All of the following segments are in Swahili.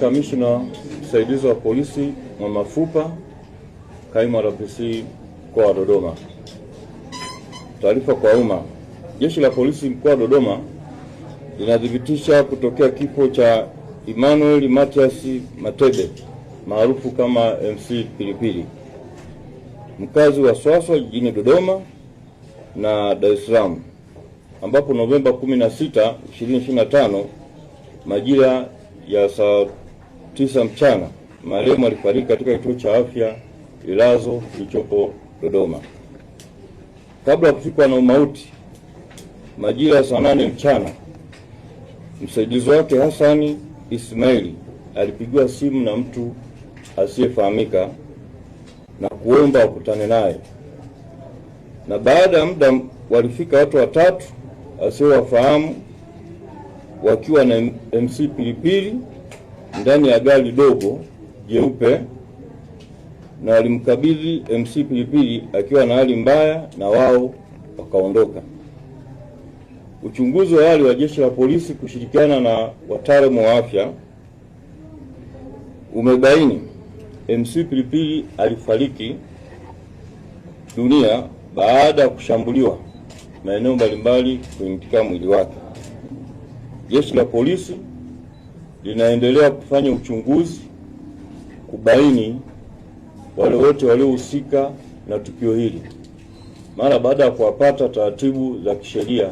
Kamishna msaidizi wa polisi Mwamafupa, kaimu RPC mkoa wa Dodoma. Taarifa kwa umma. Jeshi la polisi mkoa wa Dodoma linathibitisha kutokea kifo cha Emmanuel Matias Matebe maarufu kama MC Pilipili, mkazi wa Swaswa jijini Dodoma na Dar es Salaam, ambapo Novemba 16, 2025 majira ya saa tisa mchana marehemu alifariki katika kituo cha afya Ilazo kilichopo Dodoma. Kabla ya kufikwa na umauti majira ya saa nane mchana, msaidizi wake Hasani Ismaili alipigiwa simu na mtu asiyefahamika na kuomba wakutane naye, na baada ya muda walifika watu watatu wasiowafahamu wakiwa na MC Pilipili ndani ya gari dogo jeupe na walimkabidhi MC Pilipili akiwa na hali mbaya, na wao wakaondoka. Uchunguzi wa awali wa Jeshi la Polisi kushirikiana na wataalamu wa afya umebaini MC Pilipili alifariki dunia baada ya kushambuliwa maeneo mbalimbali kuintika mwili wake. Jeshi la polisi linaendelea kufanya uchunguzi kubaini wale wote waliohusika na tukio hili. Mara baada ya kuwapata, taratibu za kisheria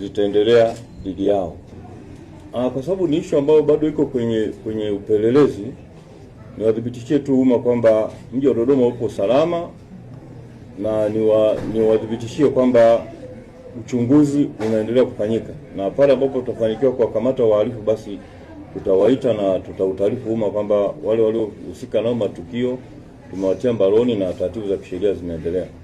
zitaendelea dhidi yao. Ah, kwa sababu ni ishu ambayo bado iko kwenye kwenye upelelezi, niwathibitishie tu umma kwamba mji wa Dodoma upo salama na niwathibitishie kwamba uchunguzi unaendelea kufanyika, na pale ambapo tutafanikiwa kuwakamata wahalifu, basi tutawaita na tutautaarifu umma kwamba wale waliohusika nao matukio tumewatia mbaroni na taratibu za kisheria zinaendelea.